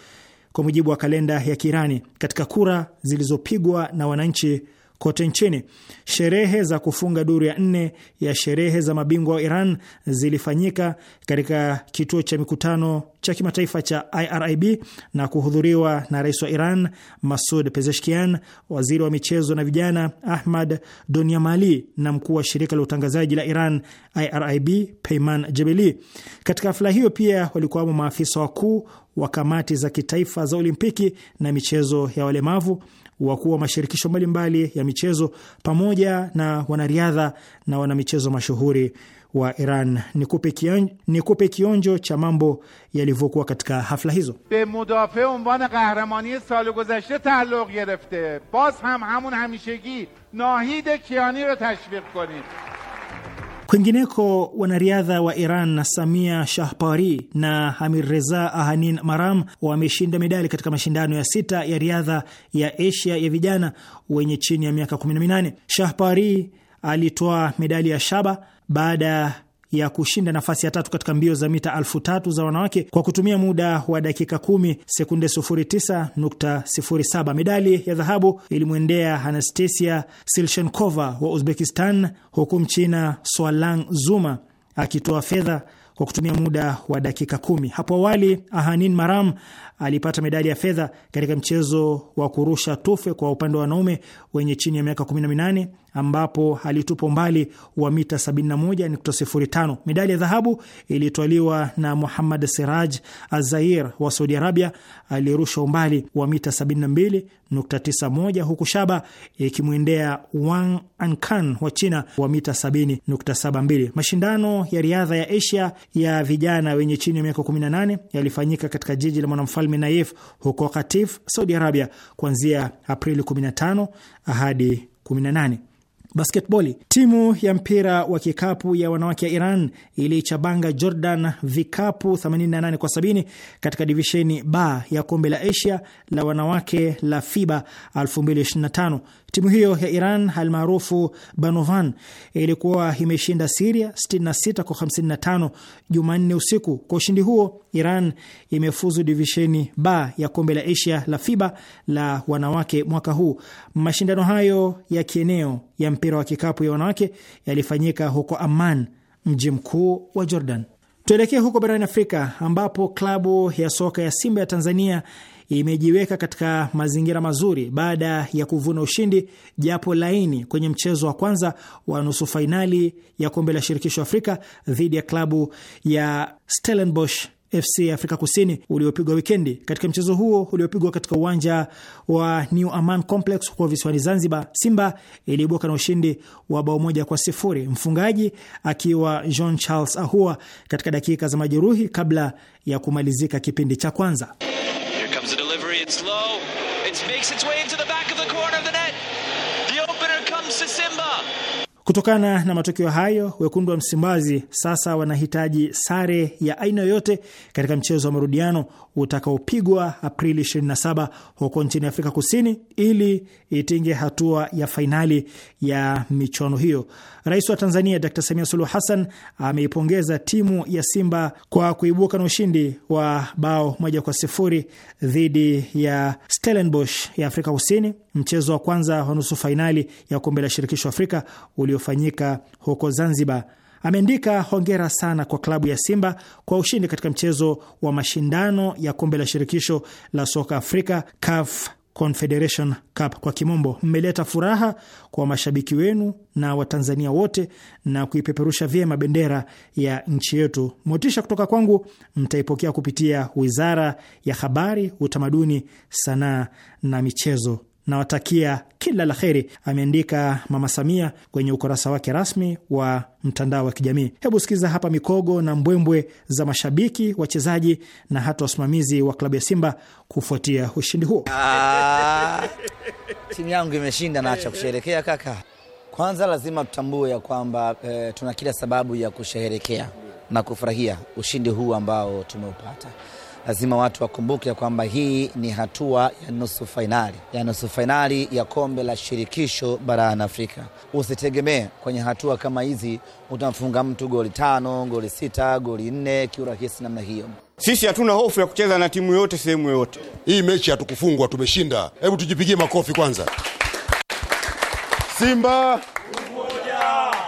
kwa mujibu wa kalenda ya Kirani katika kura zilizopigwa na wananchi kote nchini. Sherehe za kufunga duru ya nne ya sherehe za mabingwa wa Iran zilifanyika katika kituo cha mikutano cha kimataifa cha IRIB na kuhudhuriwa na rais wa Iran Masud Pezeshkian, waziri wa michezo na vijana Ahmad Doniamali na mkuu wa shirika la utangazaji la Iran IRIB Peyman Jebeli. Katika hafla hiyo pia walikuwamo maafisa wakuu wa kamati za kitaifa za Olimpiki na michezo ya walemavu wakuu wa mashirikisho mbalimbali ya michezo pamoja na wanariadha na wanamichezo mashuhuri wa Iran. Nikupe kionjo, nikupe kionjo cha mambo yalivyokuwa katika hafla hizo. be mudafe unvan qahramani sal gozashte taalluq gerefte baz ham hamun hamishegi nahid kiani ro tashviq konid Kwingineko, wanariadha wa Iran na Samia Shahpari na Hamir Reza Ahanin Maram wameshinda medali katika mashindano ya sita ya riadha ya Asia ya vijana wenye chini ya miaka 18. Shahpari alitoa medali ya shaba baada ya kushinda nafasi ya tatu katika mbio za mita elfu tatu za wanawake kwa kutumia muda wa dakika kumi sekunde 09.07. Medali ya dhahabu ilimwendea Anastasia Silshenkova wa Uzbekistan, huku Mchina Swalang Zuma akitoa fedha kwa kutumia muda wa dakika kumi. Hapo awali Ahanin Maram alipata medali ya fedha katika mchezo wa kurusha tufe kwa upande wa wanaume wenye chini ya miaka 18 ambapo alitupo mbali wa mita 71.05. Medali ya dhahabu ilitwaliwa na Muhammad Siraj Azair wa Saudi Arabia aliyerusha umbali wa mita 72.91, huku shaba ikimwendea Wang Ankan wa China wa mita 70.72. Mashindano ya riadha ya Asia ya vijana wenye chini ya miaka 18 yalifanyika katika jiji la mwanamfalme Naif huko Katif, Saudi Arabia kuanzia Aprili 15 hadi 18. Basketboli. Timu ya mpira wa kikapu ya wanawake ya Iran iliichabanga Jordan vikapu 88 kwa 70 katika divisheni ba ya kombe la Asia la wanawake la FIBA 2025. Timu hiyo ya Iran almaarufu Banovan ilikuwa imeshinda Siria 66 kwa 55 Jumanne usiku. Kwa ushindi huo, Iran imefuzu divisheni ba ya kombe la Asia la FIBA la wanawake mwaka huu. Mashindano hayo ya kieneo ya mpira wa kikapu ya wanawake yalifanyika huko Amman, mji mkuu wa Jordan. Tuelekee huko barani Afrika ambapo klabu ya soka ya Simba ya Tanzania imejiweka katika mazingira mazuri baada ya kuvuna ushindi japo laini kwenye mchezo wa kwanza wa nusu fainali ya kombe la shirikisho Afrika dhidi ya klabu ya Stellenbosch FC Afrika Kusini uliopigwa wikendi. Katika mchezo huo uliopigwa katika uwanja wa New Aman Complex huko visiwani Zanzibar, Simba iliibuka na ushindi wa bao moja kwa sifuri, mfungaji akiwa Jean Charles Ahua katika dakika za majeruhi kabla ya kumalizika kipindi cha kwanza. Here comes the delivery. It's low. Kutokana na matokeo hayo, wekundu wa Msimbazi sasa wanahitaji sare ya aina yoyote katika mchezo wa marudiano utakaopigwa Aprili 27 huko nchini Afrika Kusini ili itinge hatua ya fainali ya michuano hiyo. Rais wa Tanzania Dr Samia Suluhu Hassan ameipongeza timu ya Simba kwa kuibuka na ushindi wa bao moja kwa sifuri dhidi ya Stellenbosch ya Afrika Kusini, mchezo wa kwanza wa nusu fainali ya kombe la shirikisho Afrika ulio uliofanyika huko Zanzibar. Ameandika, hongera sana kwa klabu ya Simba kwa ushindi katika mchezo wa mashindano ya kombe la shirikisho la soka Afrika, CAF Confederation Cup kwa kimombo. Mmeleta furaha kwa mashabiki wenu na Watanzania wote na kuipeperusha vyema bendera ya nchi yetu. Motisha kutoka kwangu, mtaipokea kupitia Wizara ya Habari, Utamaduni, Sanaa na Michezo nawatakia kila la heri, ameandika Mama Samia kwenye ukurasa wake rasmi wa mtandao wa kijamii. Hebu sikiza hapa mikogo na mbwembwe za mashabiki, wachezaji na hata wasimamizi wa klabu ya Simba kufuatia ushindi huo. Ah, timu yangu imeshinda na kusherekea kaka. Kwanza lazima tutambue ya kwamba e, tuna kila sababu ya kusherekea na kufurahia ushindi huu ambao tumeupata lazima watu wakumbuke kwamba hii ni hatua ya nusu fainali ya nusu fainali ya kombe la shirikisho barani Afrika. Usitegemee kwenye hatua kama hizi utamfunga mtu goli tano, goli sita, goli nne kiurahisi namna hiyo. Sisi hatuna hofu ya kucheza na timu yoyote sehemu yoyote. Hii mechi hatukufungwa, tumeshinda. Hebu tujipigie makofi kwanza, Simba.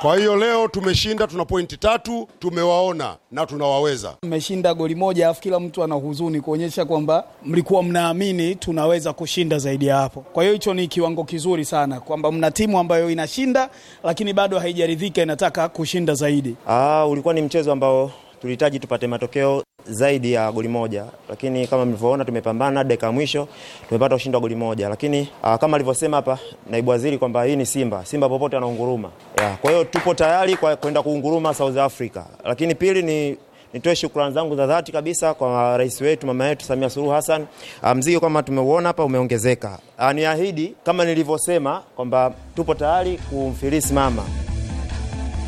Kwa hiyo leo tumeshinda, tuna pointi tatu, tumewaona na tunawaweza. Mmeshinda goli moja, alafu kila mtu ana huzuni kuonyesha kwamba mlikuwa mnaamini tunaweza kushinda zaidi ya hapo. Kwa hiyo hicho ni kiwango kizuri sana kwamba mna timu ambayo inashinda lakini bado haijaridhika, inataka kushinda zaidi. Aa, ah, ulikuwa ni mchezo ambao tulihitaji tupate matokeo zaidi ya goli moja, lakini kama mlivyoona tumepambana dakika mwisho, tumepata ushindi wa goli moja. Lakini aa, ah, kama alivyosema hapa naibu waziri kwamba hii ni Simba, Simba popote anaunguruma. Kwa hiyo tupo tayari kwa kwenda kuunguruma South Africa. Lakini pili ni nitoe shukrani zangu za dhati kabisa kwa rais wetu mama yetu Samia Suluhu Hassan. Ah, mzigo kama tumeuona hapa umeongezeka. Ah, niahidi kama nilivyosema kwamba tupo tayari kumfilisi mama.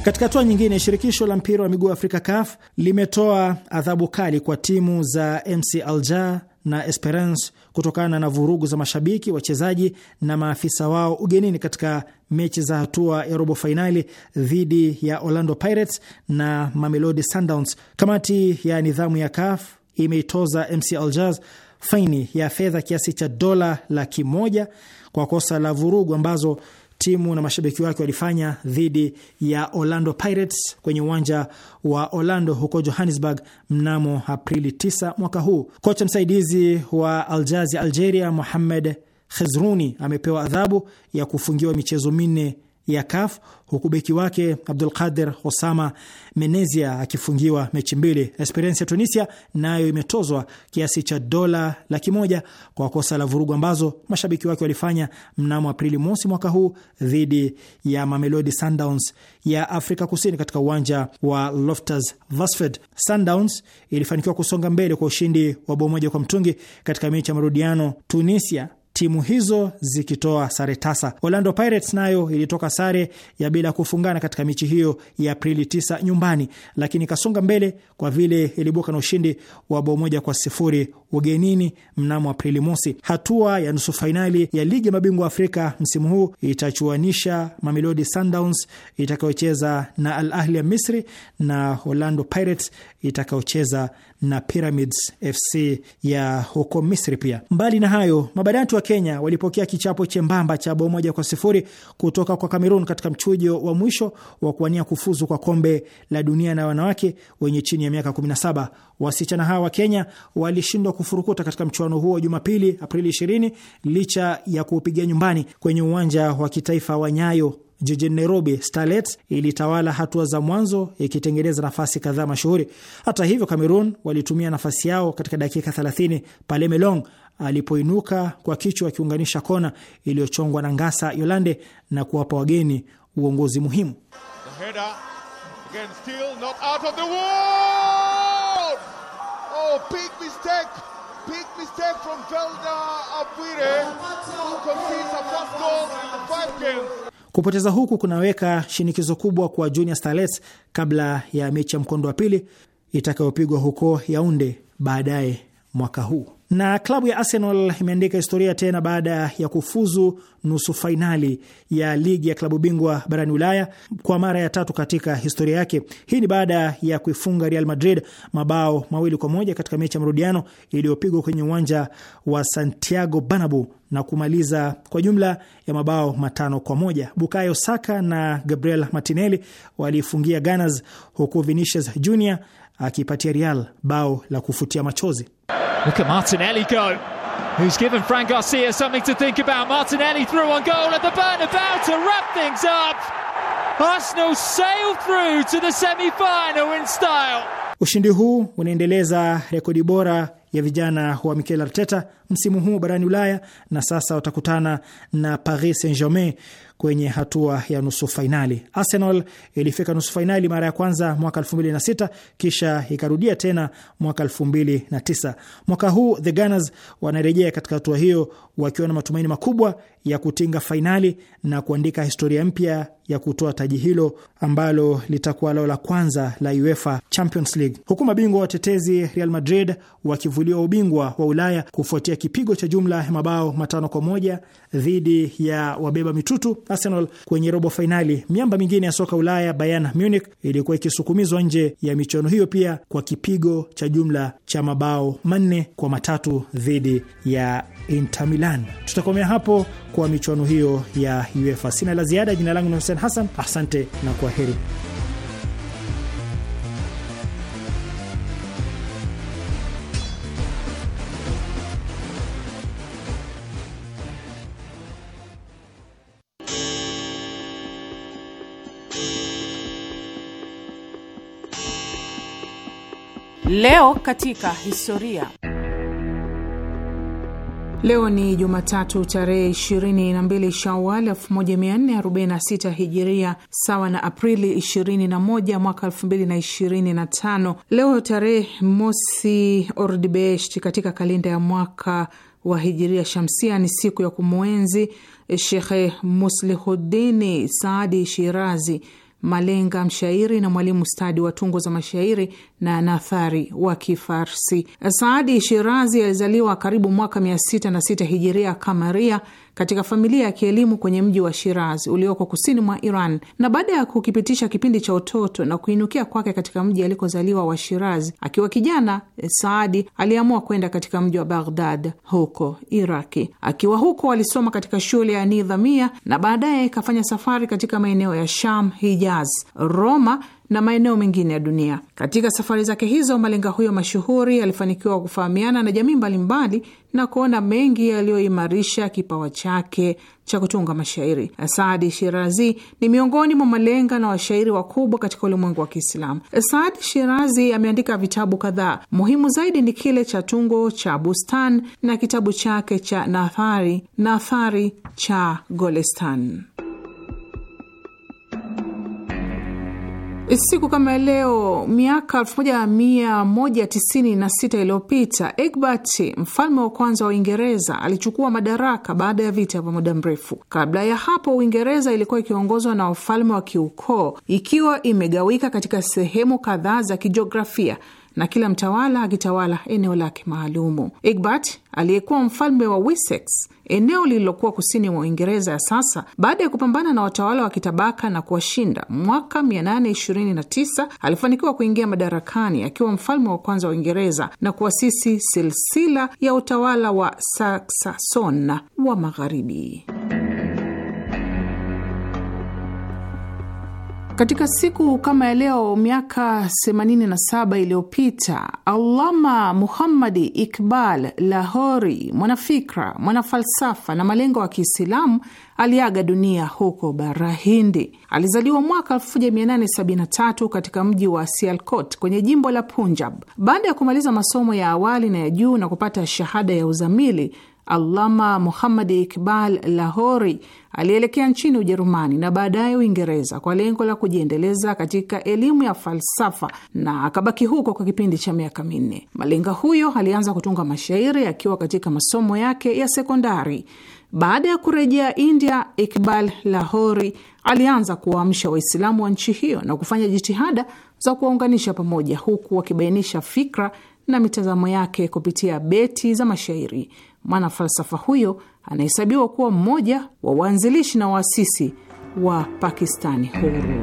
Katika hatua nyingine, shirikisho la mpira wa miguu Afrika CAF limetoa adhabu kali kwa timu za MC Alger na Esperance kutokana na vurugu za mashabiki, wachezaji na maafisa wao ugenini katika mechi za hatua ya robo fainali dhidi ya Orlando Pirates na Mamelodi Sundowns. Kamati ya nidhamu ya CAF imeitoza MC Alger faini ya fedha kiasi cha dola laki moja kwa kosa la vurugu ambazo timu na mashabiki wake walifanya dhidi ya Orlando Pirates kwenye uwanja wa Orlando huko Johannesburg mnamo Aprili 9 mwaka huu. Kocha msaidizi wa Aljazi Algeria Mohamed Khezruni amepewa adhabu ya kufungiwa michezo minne ya CAF huku beki wake Abdulqadir Osama Menezia akifungiwa mechi mbili. Esperance ya Tunisia nayo na imetozwa kiasi cha dola laki moja kwa kosa la vurugu ambazo mashabiki wake walifanya mnamo Aprili mosi mwaka huu dhidi ya Mamelodi Sundowns ya Afrika Kusini katika uwanja wa Loftus Versfeld. Sundowns ilifanikiwa kusonga mbele kwa ushindi wa bao moja kwa mtungi katika mechi ya marudiano Tunisia timu hizo zikitoa sare tasa. Orlando Pirates nayo ilitoka sare ya bila kufungana katika mechi hiyo ya Aprili 9 nyumbani, lakini ikasonga mbele kwa vile ilibuka na ushindi wa bao moja kwa sifuri ugenini mnamo Aprili mosi. Hatua ya nusu fainali ya ligi ya mabingwa Afrika msimu huu itachuanisha Mamelodi Sundowns itakayocheza na Al Ahli ya Misri na Orlando Pirates itakayocheza na Pyramids FC ya huko Misri. Pia mbali na hayo, mabadantu wa Kenya walipokea kichapo chembamba cha bao moja kwa sifuri kutoka kwa cameroon katika mchujo wa mwisho wa kuwania kufuzu kwa kombe la dunia na wanawake wenye chini ya miaka 17. Wasichana hawa wa Kenya walishindwa kufurukuta katika mchuano huo Jumapili Aprili 20 licha ya kuupigia nyumbani kwenye uwanja wa kitaifa wa Nyayo jijini Nairobi. Starlets ilitawala hatua za mwanzo ikitengeneza nafasi kadhaa mashuhuri. Hata hivyo, Cameroon walitumia nafasi yao katika dakika 30 pale Melong alipoinuka kwa kichwa akiunganisha kona iliyochongwa na Ngasa Yolande na kuwapa wageni uongozi muhimu. The big mistake from Velda Abwire who concedes a first goal in the five games. Kupoteza huku kunaweka shinikizo kubwa kwa Junior Starlets kabla ya mechi ya mkondo wa pili itakayopigwa huko Yaunde baadaye mwaka huu. Na klabu ya Arsenal imeandika historia tena baada ya kufuzu nusu fainali ya ligi ya klabu bingwa barani Ulaya kwa mara ya tatu katika historia yake. Hii ni baada ya kuifunga Real Madrid mabao mawili kwa moja katika mechi ya marudiano iliyopigwa kwenye uwanja wa Santiago Bernabeu na kumaliza kwa jumla ya mabao matano kwa moja. Bukayo Saka na Gabriel Martinelli waliifungia Gunners, huku Vinicius Junior akiipatia Real bao la kufutia machozi. Look at Martinelli go, who's given Fran Garcia something to think about. Martinelli through on goal at the burn about to wrap things up. Arsenal sail through to the semi-final in style. Ushindi huu unaendeleza rekodi bora ya vijana wa Mikel Arteta msimu huu barani Ulaya na sasa watakutana na Paris Saint-Germain kwenye hatua ya nusu fainali. Arsenal ilifika nusu fainali mara ya kwanza mwaka sita kisha ikarudia tena mwaka tisa Mwaka huu the Gunners wanarejea katika hatua hiyo wakiwa na matumaini makubwa ya kutinga fainali na kuandika historia mpya ya kutoa taji hilo ambalo litakuwa lao la kwanza la UEFA Champions League, huku mabingwa watetezi Real Madrid wakivuliwa ubingwa wa Ulaya kufuatia kipigo cha jumla ya mabao matano kwa moja dhidi ya wabeba mitutu Arsenal kwenye robo fainali. Miamba mingine ya soka Ulaya, Bayern Munich ilikuwa ikisukumizwa nje ya michuano hiyo pia kwa kipigo cha jumla cha mabao manne kwa matatu dhidi ya Inter Milan. Tutakomea hapo kwa michuano hiyo ya UEFA. Sina la ziada. Jina langu ni Hussein Hassan, asante na kwa heri. Leo katika historia. Leo ni Jumatatu tarehe 22 Shawal 1446 Hijiria, sawa na Aprili 21 mwaka 2025. Leo tarehe mosi Ordibesht katika kalenda ya mwaka wa Hijiria Shamsia ni siku ya kumwenzi Shekhe muslihudini Saadi Shirazi Malenga, mshairi na mwalimu stadi wa tungo za mashairi na nathari wa Kifarsi. Saadi Shirazi alizaliwa karibu mwaka mia sita na sita hijiria kamaria katika familia ya kielimu kwenye mji wa Shiraz ulioko kusini mwa Iran, na baada ya kukipitisha kipindi cha utoto na kuinukia kwake katika mji alikozaliwa wa Shiraz, akiwa kijana eh, Saadi aliamua kwenda katika mji wa Baghdad huko Iraki. Akiwa huko alisoma katika shule ya Nidhamia na baadaye ikafanya safari katika maeneo ya Sham, Hijaz, Roma na maeneo mengine ya dunia. Katika safari zake hizo, malenga huyo mashuhuri alifanikiwa kufahamiana na jamii mbalimbali na kuona mengi yaliyoimarisha kipawa chake cha kutunga mashairi. Saadi Shirazi ni miongoni mwa malenga na washairi wakubwa katika ulimwengu wa Kiislamu. Saadi Shirazi ameandika vitabu kadhaa, muhimu zaidi ni kile cha tungo cha Bustan na kitabu chake cha Nathari Nathari cha Golestan. Eh, siku kama leo miaka 1196 iliyopita Egbert mfalme wa kwanza wa Uingereza alichukua madaraka baada ya vita vya muda mrefu. Kabla ya hapo, Uingereza ilikuwa ikiongozwa na ufalme wa kiukoo, ikiwa imegawika katika sehemu kadhaa za kijiografia na kila mtawala akitawala eneo lake maalumu. Egbert aliyekuwa mfalme wa Wessex, eneo lililokuwa kusini mwa Uingereza ya sasa, baada ya kupambana na watawala wa kitabaka na kuwashinda, mwaka 829 alifanikiwa kuingia madarakani akiwa mfalme wa kwanza wa Uingereza na kuasisi silsila ya utawala wa Saksasona wa Magharibi. Katika siku kama ya leo miaka 87 iliyopita Allama Muhammadi Iqbal Lahori, mwanafikra, mwanafalsafa na malengo wa Kiislamu aliaga dunia huko bara Hindi. Alizaliwa mwaka 1873 katika mji wa Sialkot kwenye jimbo la Punjab. Baada ya kumaliza masomo ya awali na ya juu na kupata shahada ya uzamili, Allama Muhammadi Iqbal Lahori Alielekea nchini Ujerumani na baadaye Uingereza kwa lengo la kujiendeleza katika elimu ya falsafa na akabaki huko kwa kipindi cha miaka minne. Malenga huyo alianza kutunga mashairi akiwa katika masomo yake ya sekondari. Baada ya kurejea India, Ikbal Lahori alianza kuwaamsha Waislamu wa nchi hiyo na kufanya jitihada za kuwaunganisha pamoja, huku wakibainisha fikra na mitazamo yake kupitia beti za mashairi. Mwanafalsafa huyo anahesabiwa kuwa mmoja wa waanzilishi na waasisi wa Pakistani huru.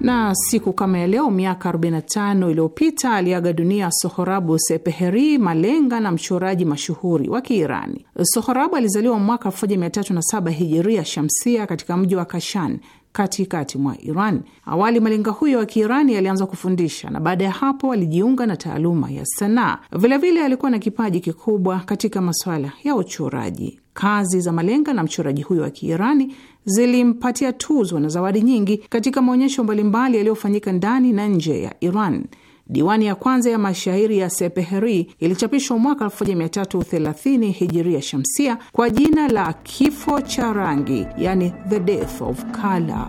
Na siku kama ya leo miaka 45 iliyopita aliaga dunia Sohorabu Sepeheri, malenga na mchoraji mashuhuri wa Kiirani. Sohorabu alizaliwa mwaka 1307 hijiria shamsia katika mji wa Kashan katikati mwa Iran. Awali malenga huyo wa Kiirani alianza kufundisha na baada ya hapo alijiunga na taaluma ya sanaa. Vilevile alikuwa na kipaji kikubwa katika masuala ya uchoraji. Kazi za malenga na mchoraji huyo wa Kiirani zilimpatia tuzo na zawadi nyingi katika maonyesho mbalimbali yaliyofanyika ndani na nje ya Iran. Diwani ya kwanza ya mashairi ya Sepeheri ilichapishwa mwaka 1330 hijiria shamsia kwa jina la kifo cha rangi, yani the death of color.